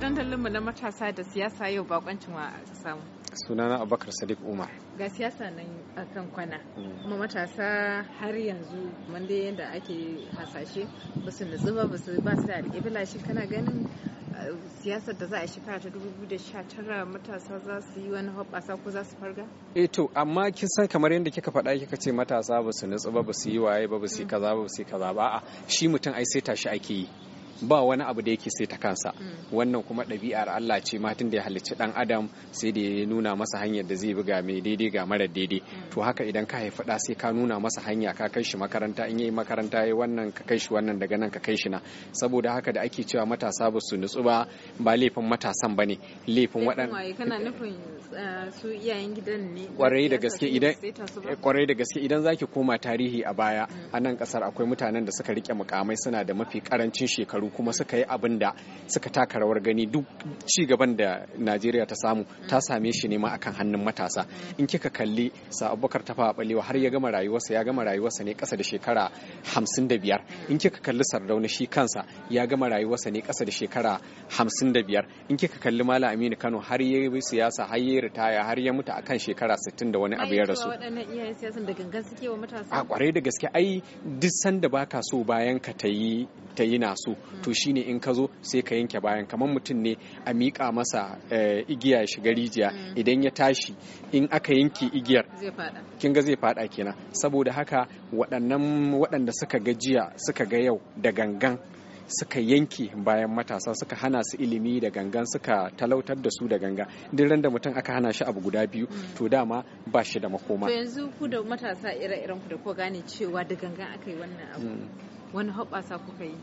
dandalinmu na matasa da siyasa yau bakoncin wa samu. Sunana abakar Sadiq Umar. Ga siyasa nan a kan kwana. Mm. Kuma matasa har yanzu wanda yadda ake hasashe ba su nutsu ba su ba su da alƙibla shi kana ganin eh, siyasar da za a shekara ta 2019 matasa za su yi wani hoɓasa ko za su farga? E to amma kisan kamar yadda kika faɗa kika ce matasa ba su nutsu ba su yi waye ba su yi kaza ba su yi kaza ba a shi mutum ai sai tashi ake yi. ba wani abu da yake sai ta kansa mm. wannan kuma ɗabi'ar Allah ce matan da ya halicci ɗan adam sai da ya nuna masa hanyar da zai buga mai daidai ga mara daidai mm. to haka idan ka haifi ɗa sai ka nuna masa hanya ka kai shi makaranta in yi makaranta yi wannan ka kai shi wannan daga nan ka kai shi na saboda haka da ake cewa matasa ba su nutsu ba ba laifin matasan bane laifin waɗan kana nufin eh, su iyayen gidan ne kwarai da gaske idan eh, kwarai da gaske idan zaki koma tarihi a baya mm. a nan kasar akwai mutanen da suka rike mukamai suna da mafi karancin shekaru shekaru kuma suka yi abin da suka taka rawar gani duk ci gaban da najeriya ta samu ta same shi ne ma akan hannun matasa in kika kalli sa abubakar tafa balewa har ya gama rayuwarsa ya gama rayuwarsa ne kasa da shekara hamsin da biyar in kika kalli sardauna shi kansa ya gama rayuwarsa ne kasa da shekara hamsin da biyar in kika kalli malam aminu kano har ya yi siyasa har ya ritaya har ya mutu akan shekara sittin da wani abu ya rasu a kwarai da gaske ai duk sanda baka so bayan ka ta yi na so to shine in ka zo sai ka yanke bayan kamar mutum ne a miƙa masa eh, igiya ya shiga rijiya mm. idan ya tashi in aka yanke igiyar kin ga zai faɗa kenan saboda haka waɗannan waɗanda suka ga jiya suka ga yau da gangan suka yanke bayan matasa suka hana su ilimi da gangan suka talautar da su da ganga duk da mutum aka hana shi abu guda biyu mm. to dama ba shi da makoma to yanzu ku da matasa ire-iren da ko gane cewa da gangan aka yi wannan abu mm. wani haɓasa kuka yi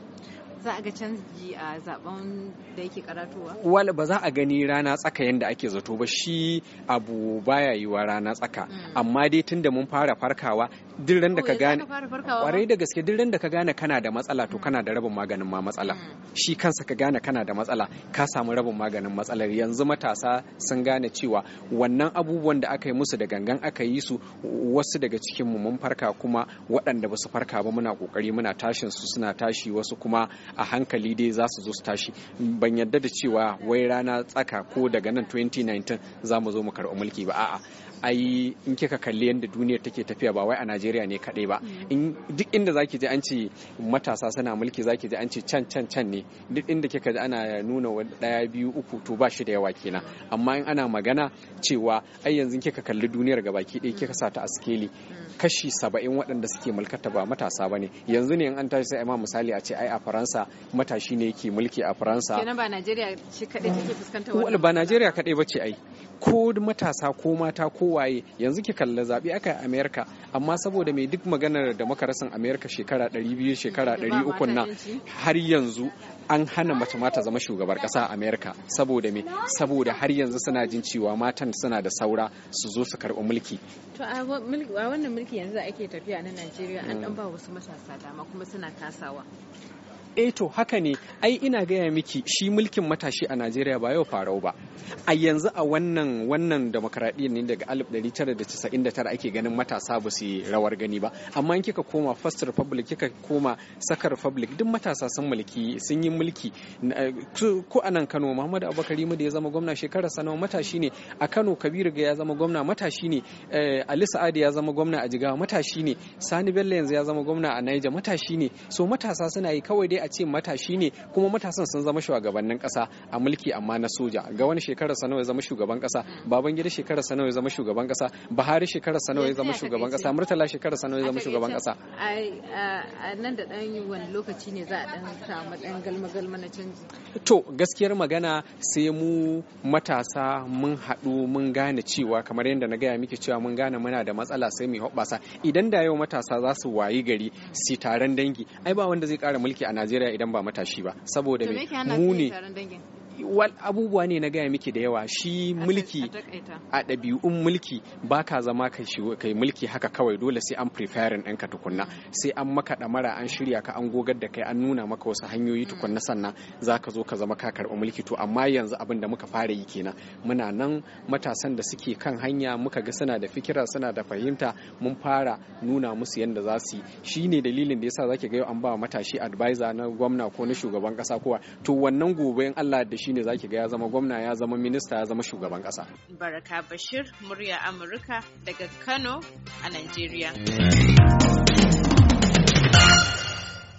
za a ga canji a zaben da yake karatuwa. wala ba za a gani rana tsaka yadda ake zato ba shi abu baya yiwa rana tsaka mm. amma dai tun da mun fara farkawa duk ran da ka gane kwarai da gaske duk ran da ka gane kana da matsala to mm. kana da rabin maganin ma matsala mm. shi kansa ka gane kana da matsala ka samu rabin maganin matsalar yanzu matasa sun gane cewa wannan abubuwan da aka yi musu da gangan aka yi su wasu daga cikin mu mun farka kuma waɗanda ba su farka ba muna kokari muna tashin su suna tashi wasu kuma a hankali dai za su zo su tashi ban yadda da cewa wai rana tsaka ko daga nan 2019 za mu zo mu karɓi mulki ba a'a ai in kika kalli yadda duniyar take tafiya ba wai a Najeriya ne kadai ba mm. in duk inda zaki je an ce matasa suna mulki zaki je an ce can can can ne duk inda kika ji ana nuna ɗaya biyu uku to ba shi da yawa kenan amma in ana magana cewa ai yanzu kika kalli duniyar gabaki ɗaya kika sa ta askeli mm. kashi saba'in waɗanda suke mulkata ba matasa bane yanzu ne in an tashi sai ma misali a ce ai a Faransa faransa matashi ne yake mulki a faransa kenan ba najeriya ce kaɗai take fuskanta wannan ba najeriya kaɗai ba ce ai ko matasa ko mata ko waye yanzu ki kalla zaɓe aka yi amerika amma saboda mai duk maganar da makarasin amerika shekara 200 shekara 300 nan har yanzu an hana mace mata zama shugabar ƙasa a amerika saboda me saboda har yanzu suna jin cewa matan suna da saura su zo su karɓi mulki to a wannan mulki yanzu ake tafiya na najeriya an ɗan ba wasu matasa dama kuma suna kasawa eh to haka ne ai ina gaya miki shi mulkin matashi a Najeriya ba yau farau ba a yanzu a wannan wannan demokradiyyar ne daga 1999 ake ganin matasa ba su rawar gani ba amma in kika koma first republic kika koma second republic duk matasa sun mulki sun yi mulki eh, ko a nan Kano Muhammadu Abubakar da ya zama gwamna shekarar sanawa matashi ne a Kano Kabiru ga ya zama gwamna matashi ne eh, Ali Sa'adi ya zama gwamna a Jigawa matashi ne Sani Bello yanzu ya zama gwamna a Niger matashi ne so matasa suna yi kawai dai a a ce matashi ne kuma matasan sun zama shugabannin kasa a mulki amma na soja ga wani shekarar nawa ya zama shugaban kasa babangida shekarar nawa ya zama shugaban kasa buhari shekarar nawa ya zama shugaban kasa murtala shekarar nawa ya zama shugaban kasa a nan da dan wani lokaci ne za a dan samu dan galma galma na canji to gaskiyar magana sai mu matasa mun haɗu mun gane cewa kamar yadda na gaya miki cewa mun gane muna da matsala sai mu hoɓɓasa idan da yau matasa za su wayi gari su taron dangi ai ba wanda zai ƙara mulki a Najeriya idan ba matashi ba saboda me mu ne abubuwa ne na gaya miki da yawa shi mulki a ɗabi'un mulki ba ka zama kai mulki haka kawai dole sai an preferin ɗanka tukunna sai an maka ɗamara an shirya ka an gogar da kai an nuna maka wasu hanyoyi mm. tukunna sannan za ka zo ka zama ka karɓi mulki to amma yanzu abin da muka fara yi kenan muna nan matasan da suke kan hanya muka ga suna da fikira suna da fahimta mun fara nuna musu yadda za su yi shi ne dalilin da yasa zaki ga yau an ba matashi advisor na gwamna ko na shugaban kasa kowa to wannan gobe in Allah da shi shine zaki ga ya zama gwamna ya zama minista ya zama shugaban kasa baraka bashir murya amurka daga kano a najeriya